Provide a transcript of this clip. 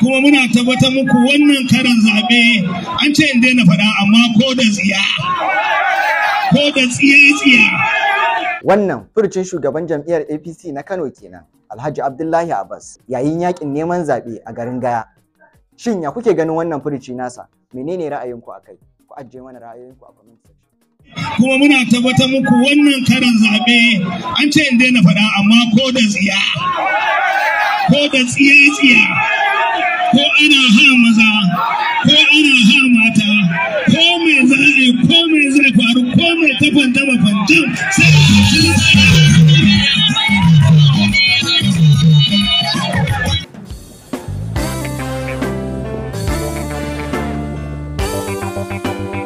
kuma muna tabbatar muku wannan karin zaɓe an ce in daina faɗa amma ko da tsiya ko da tsiya tsiya wannan furucin shugaban jam'iyyar apc na kano kenan alhaji abdullahi abbas yayin yakin neman zaɓe a garin gaya shin ya kuke ganin wannan furuci nasa menene ra'ayinku akai ku ajiye mana ra'ayoyinku a comment kuma muna tabbatar muku wannan karin zaɓe an ce in daina faɗa amma ko da tsiya ko da tsiya tsiya ana ha maza ko ana ha mata ko me za a yi ko mai zai faru ko mai ta fantama fantam sai Thank